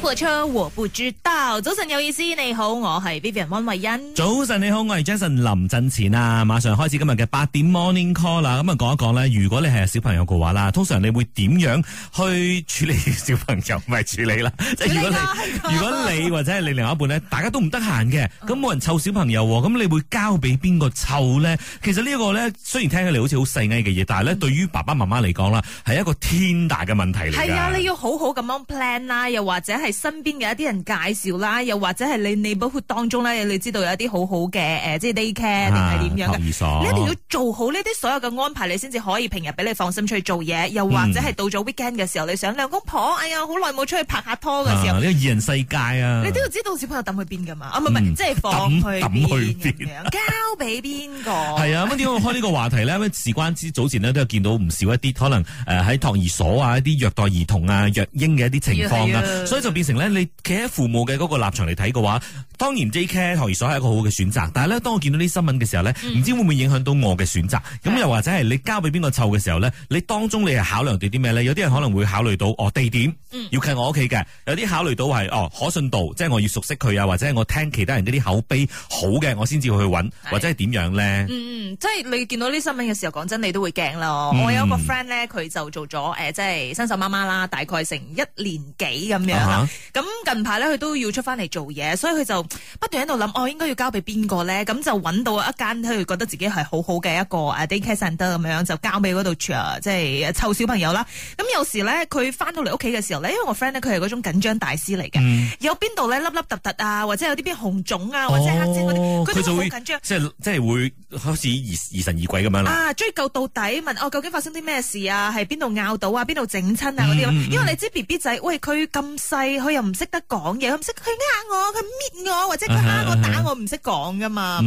播出我不知道。早晨有意思，你好，我係 Vivian 溫慧欣。早晨你好，我係 Jason 林振前啊！馬上開始今日嘅八點 Morning Call 啦。咁、嗯、啊，講一講咧，如果你係小朋友嘅話啦，通常你會點樣去處理小朋友？唔係處理啦，理啊、即係如果你吧如果你或者係你另外一半咧，大家都唔得閒嘅，咁冇、嗯、人湊小朋友，咁你會交俾邊個湊咧？其實這個呢個咧，雖然聽起嚟好似好細藝嘅嘢，但係咧，嗯、對於爸爸媽媽嚟講啦，係一個天大嘅問題嚟。係啊，你要好好咁樣 plan 啦，又或者係。你身邊嘅一啲人介紹啦，又或者係你你包括當中咧，你知道有一啲好好嘅誒，即係 daycare 定係點樣嘅？啊、你一定要做好呢啲所有嘅安排，你先至可以平日俾你放心出去做嘢，又或者係到咗 weekend 嘅時候，嗯、你想兩公婆，哎呀，好耐冇出去拍下拖嘅時候，呢、啊這個二人世界啊！你都要知道小朋友抌去邊噶嘛？即、啊、係放去抌去邊？ 交俾邊個？係啊，咁點解我開呢個話題呢？ 因為事關之早前都有見到唔少一啲可能喺託兒所啊一啲虐待兒童啊、虐嬰嘅一啲情況啊，嗯嗯嗯嗯、所以變成咧，你企喺父母嘅嗰個立場嚟睇嘅話。當然 J.K. 託兒所係一個好嘅選擇，但係咧，當我見到啲新聞嘅時候咧，唔、嗯、知會唔會影響到我嘅選擇？咁的又或者係你交俾邊個湊嘅時候咧？你當中你係考量到啲咩咧？有啲人可能會考慮到哦，地點要近我屋企嘅，有啲考慮到係哦，可信度，即係我要熟悉佢啊，或者係我聽其他人嗰啲口碑好嘅，我先至去揾，的或者係點樣咧？嗯，即係你見到啲新聞嘅時候，講真你都會驚囉。嗯、我有個 friend 咧，佢就做咗、呃、即係新手媽媽啦，大概成一年幾咁樣咁、uh huh、近排咧，佢都要出翻嚟做嘢，所以佢就。不斷喺度諗，我、哦、應該要交俾邊個咧？咁就揾到一間佢覺得自己係好好嘅一個 daycare centre 咁樣，就交俾嗰度即係湊小朋友啦。咁有時咧，佢翻到嚟屋企嘅時候咧，因為我 friend、嗯、呢，佢係嗰種緊張大師嚟嘅，有邊度咧凹凹凸凸、凸凸啊，或者有啲邊紅腫啊，或者黑黑嗰啲，佢就會緊張，即係即係會好似疑疑神疑鬼咁樣啦。啊，追究到底，問我、哦、究竟發生啲咩事啊？係邊度拗到啊？邊度整親啊？嗰啲、啊嗯嗯嗯，因為你知 B B 仔，喂，佢咁細，佢又唔識得講嘢，佢唔識，佢呃我，佢搣我。或者佢蝦我唔識講噶嘛，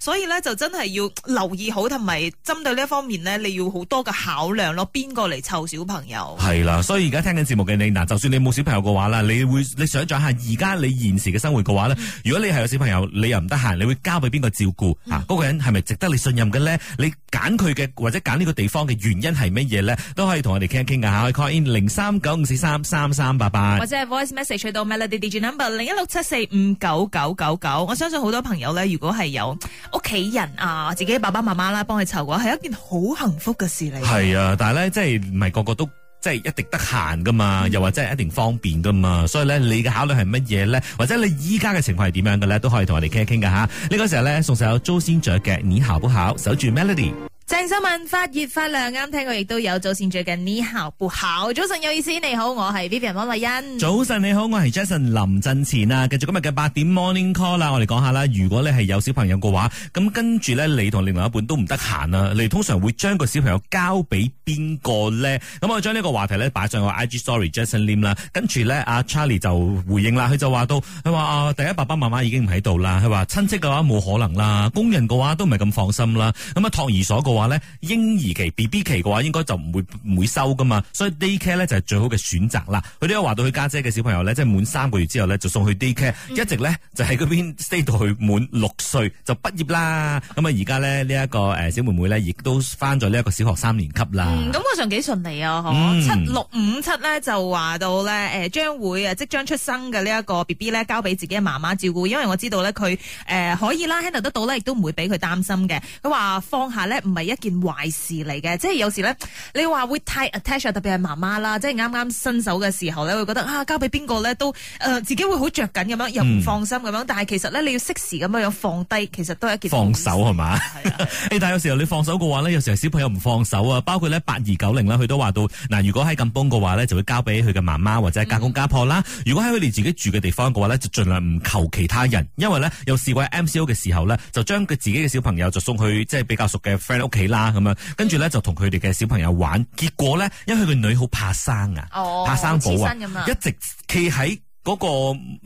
所以咧，就真係要留意好，同埋針對呢一方面咧，你要好多嘅考量咯。邊個嚟湊小朋友？係啦，所以而家聽緊節目嘅你，嗱，就算你冇小朋友嘅話啦，你會你想象下而家你現時嘅生活嘅話咧，如果你係有小朋友，你又唔得閒，你會交俾邊個照顧啊？嗰個人係咪值得你信任嘅咧？你揀佢嘅或者揀呢個地方嘅原因係乜嘢咧？都可以同我哋傾一傾噶吓，可以 call in 零三九五四三三三八八，或者 voice message 去到 Melody Digital Number 零一六七四五九。九九九，99，我相信好多朋友咧，如果係有屋企人啊，自己爸爸媽媽啦，幫佢湊嘅話，係一件好幸福嘅事嚟。係啊，但係咧，即係唔係個個都即係一定得閒噶嘛，嗯、又或者係一定方便噶嘛，所以咧，你嘅考慮係乜嘢咧？或者你依家嘅情況係點樣嘅咧？都可以同我哋傾一傾噶吓。呢、這個時候咧，送首周興哲嘅你好不好，守住 Melody。鄭生問：發熱發亮，啱聽過，亦都有早前最近呢校不校。早晨有意思，你好，我係 Vivian 溫麗欣。早晨你好，我係 Jason 林振前啦。繼續今日嘅八點 Morning Call 啦，我哋講下啦。如果你係有小朋友嘅話，咁跟住咧，你同另外一半都唔得閒啦。你通常會將個小朋友交俾邊個咧？咁我將呢個話題咧擺上個 IG Story，Jason Lim 啦。跟住咧，阿 Charlie 就回應啦，佢就話到，佢話啊，第一爸爸媽媽已經唔喺度啦，佢話親戚嘅話冇可能啦，工人嘅話都唔係咁放心啦。咁啊託兒所話咧嬰兒期 B B 期嘅話應該，應該就唔會唔會收噶嘛，所以 daycare 咧就係最好嘅選擇啦。佢都有話到佢家姐嘅小朋友咧，即係滿三個月之後咧就送去 daycare，嗯、一直咧就喺嗰邊 stay 到去滿六歲就畢業啦。咁啊，而家咧呢一個誒小妹妹咧，亦都翻咗呢一個小學三年級啦。咁啊、嗯，我上幾順利啊，嗬、嗯？七六五七咧就話到咧，誒，將會啊即將出生嘅呢一個 B B 咧交俾自己嘅媽媽照顧，因為我知道咧佢誒可以啦 handle 得到咧，亦都唔會俾佢擔心嘅。佢話放下咧唔係。一件壞事嚟嘅，即係有時咧，你話會太 attach 啊特別係媽媽啦，即係啱啱新手嘅時候咧，會覺得啊，交俾邊個咧都，誒、呃，自己會好着緊咁樣，又唔放心咁樣，嗯、但係其實咧，你要適時咁樣樣放低，其實都係一件好事，放手係嘛？係啊、 但係有時候你放手嘅話咧，有時候小朋友唔放手啊，包括咧八二九零啦，佢都話到，嗱，如果喺咁崩嘅話咧，就會交俾佢嘅媽媽或者家公家婆啦。嗯、如果喺佢哋自己住嘅地方嘅話咧，就盡量唔求其他人，因為咧，有試過喺 MCO 嘅時候咧，就將佢自己嘅小朋友就送去即係比較熟嘅 friend 屋企啦咁樣，跟住咧就同佢哋嘅小朋友玩。結果咧，因為佢個女好怕生啊，哦、怕生寶啊，一直企喺嗰個、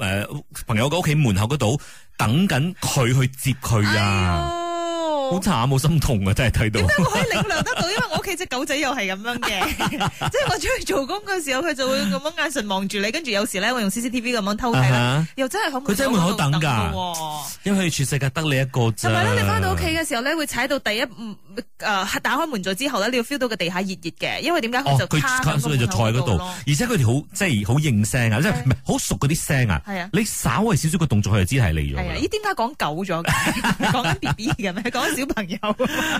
呃、朋友嘅屋企門口嗰度等緊佢去接佢啊，好慘、哎喲，好心痛啊！真係睇到。點解我可以領略得到？ 因為我屋企隻狗仔又係咁樣嘅， 即係我出去做工嘅時候，佢就會咁樣眼神望住你。跟住有時咧，我用 C C T V 咁樣偷睇啦，uh、huh, 又真係好。佢真係門口等㗎的，因為全世界得你一個，同埋咧？你返到屋企嘅時候咧，會踩到第一、嗯誒、呃，打開門咗之後咧，你要 feel 到個地下熱熱嘅，因為點解佢就坐喺嗰度，哦、而且佢哋好即係好應聲啊，的即係唔係好熟嗰啲聲啊。係啊的，你稍微少少個動作，佢就知係嚟咗。咦？點解講久咗嘅？講 B B 嘅咩？講小朋友？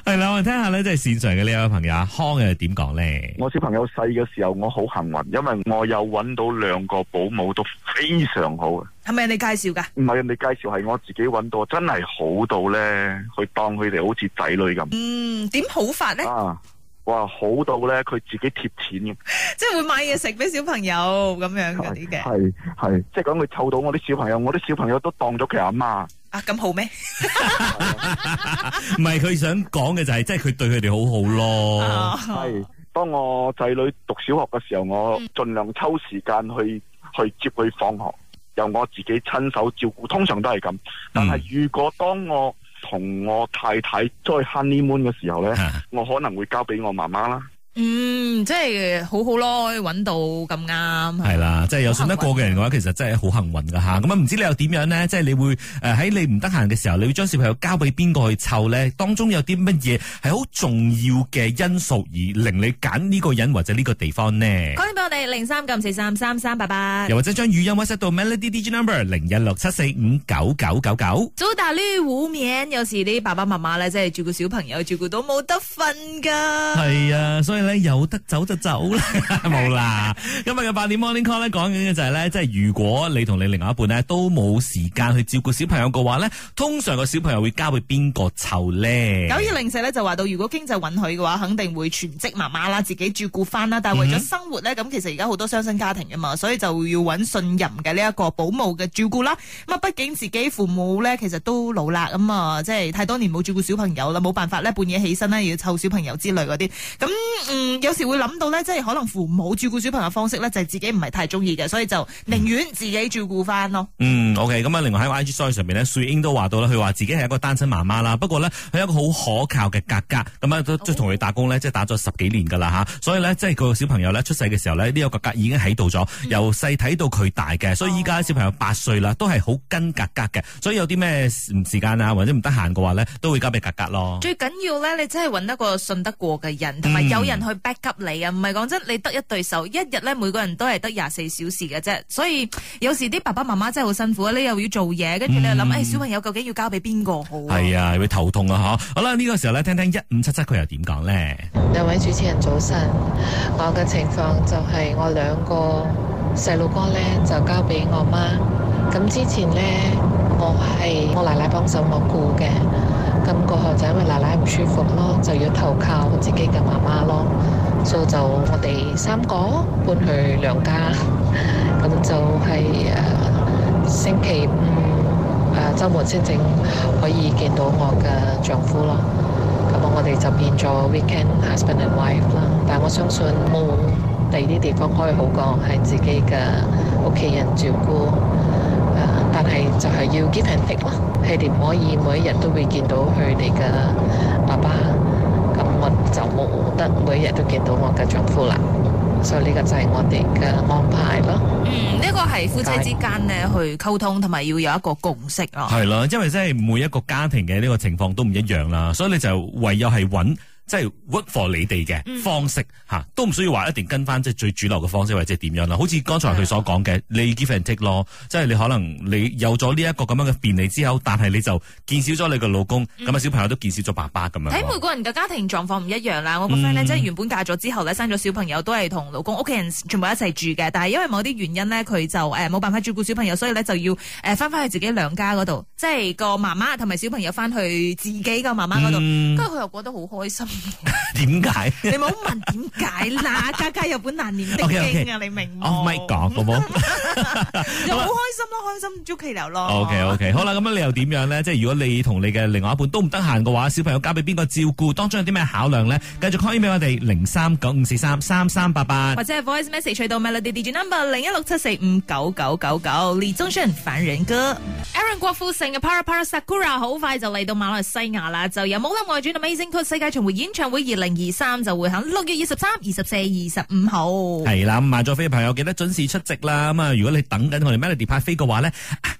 係啦， 我哋聽下咧，即係線上嘅呢位朋友阿康又點講咧？我小朋友細嘅時候，我好幸運，因為我有搵到兩個保姆都非常好。係咪你介紹噶？唔係人哋介紹，係我自己搵到，真係好到咧，去當佢哋好似仔女咁。嗯，點好法咧？啊，哇，好到咧，佢自己貼錢嘅， 即係會買嘢食俾小朋友咁樣嗰啲嘅。係係，即係講佢湊到我啲小朋友，我啲小朋友都當咗佢阿媽。啊，咁好咩？唔係，佢想講嘅就係，即係佢對佢哋好好咯。係， 當我仔女讀小學嘅時候，我盡量抽時間去、嗯、去接佢放學。由我自己親手照顧，通常都係咁。但係如果當我同我太太在 honeymoon 嘅時候咧，嗯、我可能會交俾我媽媽啦。嗯，即係好好咯，揾到咁啱。係啦，即係有信得過嘅人嘅話，其實真係好幸運噶吓。咁啊，唔知你又點樣呢？即係你會誒喺你唔得閒嘅時候，你會將小朋友交俾邊個去湊呢？當中有啲乜嘢係好重要嘅因素而令你揀呢個人或者呢個地方呢？講俾我哋零三九四三三三八八。又或者將語音 WhatsApp 到 Melody DJ Number 零一六七四五九九九九。做大呢戶面，有時啲爸爸媽媽咧，即係照顧小朋友照顧到冇得瞓噶。係啊，所以。有得走就走啦，冇啦。今日嘅八點 Morning Call 咧講緊嘅就係咧，即係如果你同你另外一半咧都冇時間去照顧小朋友嘅話咧，通常個小朋友會交俾邊個湊咧？九二零四咧就話到，如果經濟允許嘅話，肯定會全職媽媽啦，自己照顧返啦。但係為咗生活咧，咁其實而家好多雙身家庭㗎嘛，所以就要搵信任嘅呢一個保姆嘅照顧啦。咁啊，畢竟自己父母咧其實都老啦，咁啊即係太多年冇照顧小朋友啦，冇辦法咧半夜起身咧，要湊小朋友之類嗰啲咁。嗯，有時會諗到呢，即係可能父母照顧小朋友的方式呢，就係，自己唔係太中意嘅，所以就寧願自己照顧翻咯。嗯，OK，咁啊，另外喺 I G Story 上面呢，樹英都話到啦，佢話自己係一個單親媽媽啦，不過呢，佢一個好可靠嘅格格，咁啊即同佢打工呢，即係打咗十幾年噶啦吓，所以呢，即係個小朋友呢，出世嘅時候呢，呢，這個格格已經喺度咗，由細睇到佢大嘅，所以依家，小朋友八歲啦，都係好跟格格嘅，所以有啲咩時間啊或者唔得閒嘅話呢，都會交俾格格咯。最緊要呢，你真係揾個信得過嘅人，同埋有人，去 back up 你啊，唔係講真，你得一對手，一日咧，每個人都係得廿四小時嘅啫，所以有時啲爸爸媽媽真係好辛苦啊，你又要做嘢，跟住你又諗，誒、嗯哎，小朋友究竟要交俾邊個好？係啊、哎，會頭痛啊，嗬。好啦，呢、呢個時候咧，聽聽一五七七佢又點講咧？兩位主持人早晨，我嘅情況就係我兩個細路哥咧就交俾我媽，咁之前咧我係我奶奶幫手我顧嘅。咁過去就因為奶奶唔舒服咯，就要投靠自己嘅媽媽咯，所以就我哋三個搬去娘家，咁就係星期五周末先正可以見到我嘅丈夫咯。咁我哋就變咗 weekend husband and wife 啦。但係我相信冇第二啲地方可以好過係自己嘅屋企人照顧，但係就係要 give and take 咯。佢哋唔可以每一日都會見到佢哋嘅爸爸，咁我就冇得每一日都見到我嘅丈夫啦。所以呢個就係我哋嘅安排咯。嗯，呢個係夫妻之間咧釋去溝通，同埋要有一個共識啊。係啦，因為即係每一個家庭嘅呢個情況都唔一樣啦，所以你就唯有係揾。即係 work for 你哋嘅方式，嗯啊，都唔需要話一定跟翻即係最主流嘅方式或者點樣啦。好似剛才佢所講嘅，的你 give and take 咯，即係你可能你有咗呢一個咁樣嘅便利之後，但係你就見少咗你個老公，咁啊，嗯，小朋友都見少咗爸爸咁看 樣睇，每個人嘅家庭狀況唔一樣啦。我個 friend 呢，嗯，即係原本嫁咗之後咧，生咗小朋友都係同老公屋企人全部一齊住嘅。但係因為某啲原因呢，佢就誒冇，呃，辦法照顧小朋友，所以咧就要誒翻返去自己娘家嗰度，即係個媽媽同埋小朋友翻去自己個媽媽嗰度，跟住佢又覺得好開心。點解？你唔好問點解啦，家家有本難念的經啊！你明冇？唔係講好冇？你好開心咯，開心招氣流咯。OK OK，好啦，咁樣你又點樣咧？即係如果你同你嘅另外一半都唔得閒嘅話，小朋友交俾邊個照顧？當中有啲咩考量咧？繼續 call 翻俾我哋零三九五四三三三八八，或者係 Voice Message 去到 Melody DJ Number 零一六七四五九九九九，李宗炫、凡人歌、Aaron 郭富城嘅 Parapara Sakura，好快就嚟到馬來西亞啦，就有《舞林外傳》嘅 Amazing Cut 世界巡回演。演唱會二零二三就會喺六月二十三、二十四、二十五號。係啦，咁買咗飛嘅朋友記得準時出席啦。咁啊，如果你等緊我哋 Melody 派飛嘅話呢，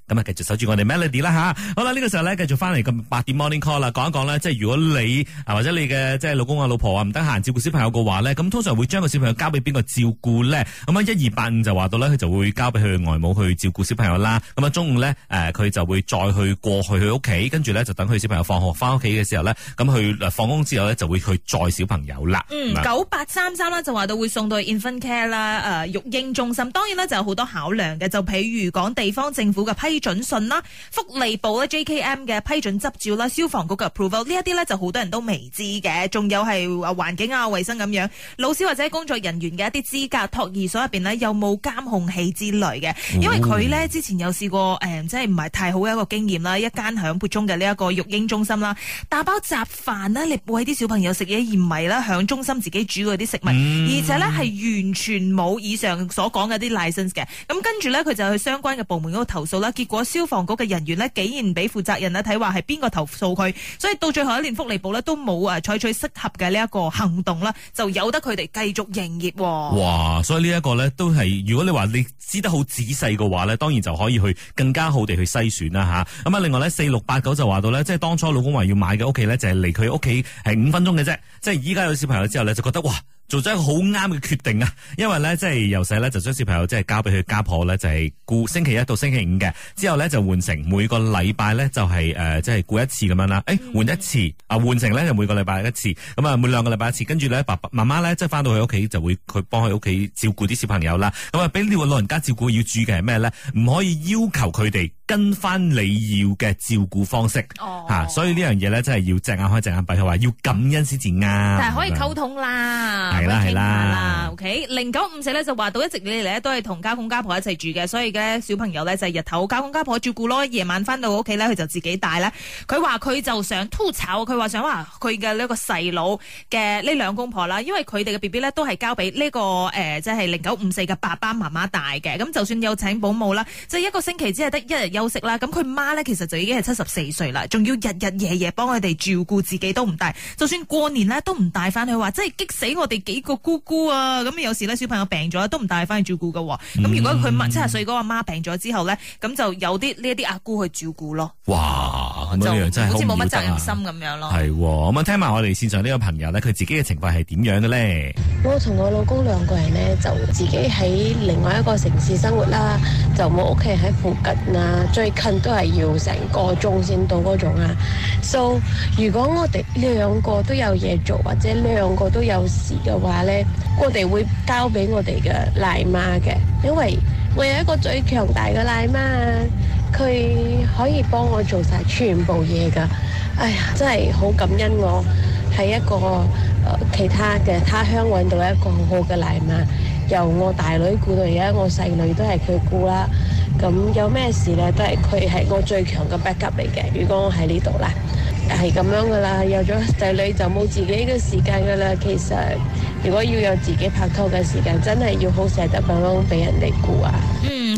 咁啊繼續守住我哋 Melody 啦吓。好啦，呢個時候呢，繼續翻嚟個八點 Morning Call 啦，講一講咧，即係如果你或者你嘅即係老公啊、老婆啊唔得閒照顧小朋友嘅話呢，咁通常會將個小朋友交俾邊個照顧呢？咁啊，一二八五就話到呢，佢就會交俾佢外母去照顧小朋友啦。咁啊，中午呢，誒，佢就會再去過去佢屋企，跟住呢就等佢小朋友放學翻屋企嘅時候呢，咁佢放工之後呢就會。佢載小朋友啦，嗯，九八三三咧，就話到會送到去 Infant Care 啦、呃、誒，育嬰中心。當然啦，就有好多考量嘅，就譬如講地方政府嘅批准信啦、福利部咧 JKM 嘅批准執照啦、消防局嘅 approval，呢一啲咧就好多人都未知嘅。仲有係環境啊、衛生咁樣，老師或者工作人員嘅一啲資格，托兒所入邊咧有冇監控器之類嘅。因為佢咧之前有試過，誒、呃，即係唔係太好嘅一個經驗啦，一間響撥中嘅呢一個育嬰中心啦，打包雜飯呢你會餵啲小朋友食嘢而唔係咧響中心自己煮嗰啲食物，嗯、而且咧係完全冇以上所講嘅啲 license 嘅、嗯。咁跟住咧，佢就去相關嘅部門嗰度投訴啦。結果消防局嘅人員咧，竟然俾負責人啊睇話係邊個投訴佢，所以到最後一年福利部咧都冇啊採取適合嘅呢一個行動啦，就由得佢哋繼續營業。哇！所以呢一個咧都係，如果你話你知得好仔細嘅話咧，當然就可以去更加好地去篩選啦吓。咁啊，另外咧四六八九就話到咧，即係當初老公話要買嘅屋企咧，就係離佢屋企係五分嘅啫，即係依家有小朋友之後咧，就覺得哇，做咗一個好啱嘅決定啊！因為咧，即係由細咧就將小朋友即係交俾佢家婆咧，就係、是、顧星期一到星期五嘅，之後咧就換成每個禮拜咧就係、是、誒，即係顧一次咁樣啦。誒、嗯，換一次啊，換成咧就每個禮拜一次，咁啊，每兩個禮拜一次，跟住咧爸爸媽媽咧即係翻到佢屋企就會佢幫佢屋企照顧啲小朋友啦。咁啊，俾呢個老人家照顧要注意嘅係咩咧？唔可以要求佢哋。跟翻你要嘅照顧方式，嚇，所以呢樣嘢咧，真係要隻眼開隻眼閉，佢話要感恩先至啱。但係可以溝通啦，係啦係啦，OK。零九五四咧就話到一直你哋咧都係同家公家婆一齊住嘅，所以咧小朋友咧就係日頭家公家婆照顧咯，夜晚翻到屋企咧佢就自己帶咧。佢話佢就想吐槽，佢話想話佢嘅呢個細佬嘅呢兩公婆啦，因為佢哋嘅 BB 咧都係交俾呢個誒即係零九五四嘅爸爸媽媽帶嘅，咁就算有請保姆啦，即係一個星期只係得一日。休息啦，咁佢媽咧其實就已經係七十四歲啦，仲要日日夜夜幫佢哋照顧，自己都唔帶，就算過年咧都唔帶翻去話，真係激死我哋幾個姑姑啊！咁有時咧小朋友病咗都唔帶翻去照顧噶。咁、嗯、如果佢七十歲嗰個阿媽病咗之後咧，咁就有啲呢一啲阿姑去照顧咯。哇，咁樣真係好似冇乜責任心咁樣咯。係，咁樣聽埋我哋線上呢個朋友咧，佢自己嘅情況係點樣嘅咧？我同我老公兩個人咧就自己喺另外一個城市生活啦，啊，就冇屋企喺附近啊。最近都係要成個鐘先到嗰種啊，所以如果我哋兩個都有嘢做或者兩個都有事嘅話呢，我哋會交俾我哋嘅奶媽嘅，因為我有一個最強大嘅奶媽，佢可以幫我做晒全部嘢㗎。哎呀，真係好感恩我喺一個誒其他嘅他鄉揾到一個好嘅奶媽，由我大女顧到而家，我細女都係佢顧啦。咁有咩事咧，都係佢，係我最強嘅 backup 嚟嘅。如果我喺呢度啦，係咁樣噶啦。有咗仔女就冇自己嘅時間噶啦。其實如果要有自己拍拖嘅時間，真係要好捨得咁樣俾人哋顧啊。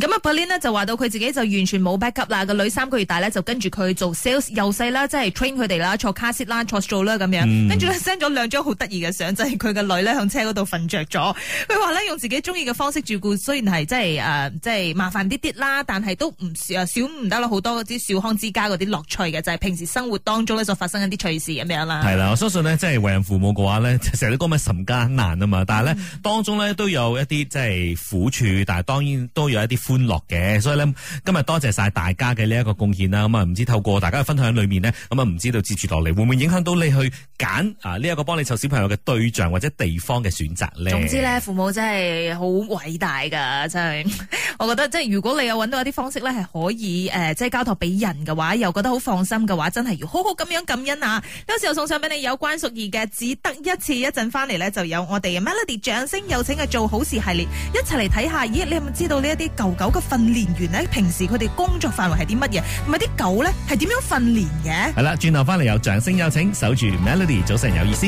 咁啊，Blaine 就話到佢自己就完全冇 back up 啦，個女三個月大咧就跟住佢做 sales，又細啦，即係 train 佢哋啦，坐 car seat 啦，坐坐啦咁樣，跟住咧 send 咗兩張好得意嘅相，就係佢個女咧響車嗰度瞓着咗。佢話咧用自己中意嘅方式照顧，雖然係即係誒，即係麻煩啲啲啦，但係都唔少唔得咯，好多嗰啲小康之家嗰啲樂趣嘅，就係、是、平時生活當中咧所發生一啲趣事咁樣啦。係啦，我相信呢，即係為人父母嘅話呢，成日都講咩甚艱難啊嘛，但係呢，嗯、當中呢，都有一啲即係苦處，但係當然都有一啲。歡樂嘅，所以咧今日多謝曬大家嘅呢一個貢獻啦。咁啊，唔知透過大家嘅分享裏面咧，咁啊唔知道接住落嚟會唔會影響到你去揀啊呢一個幫你湊小朋友嘅對象或者地方嘅選擇咧？總之咧，父母真係好偉大噶，真係。 我覺得即係如果你有搵到一啲方式咧，係可以誒、呃，即係交託俾人嘅話，又覺得好放心嘅話，真係要好好咁樣感恩啊！有時候送上俾你有關淑儀嘅，只得一次。一陣翻嚟咧，就有我哋 Melody 掌聲有請嘅做好事系列一齊嚟睇下。咦，你有冇知道呢一啲狗狗嘅訓練員咧？平時佢哋工作範圍係啲乜嘢？同埋啲狗咧係點樣訓練嘅？係啦，轉頭翻嚟有掌聲有請，守住 Melody 早晨有意思。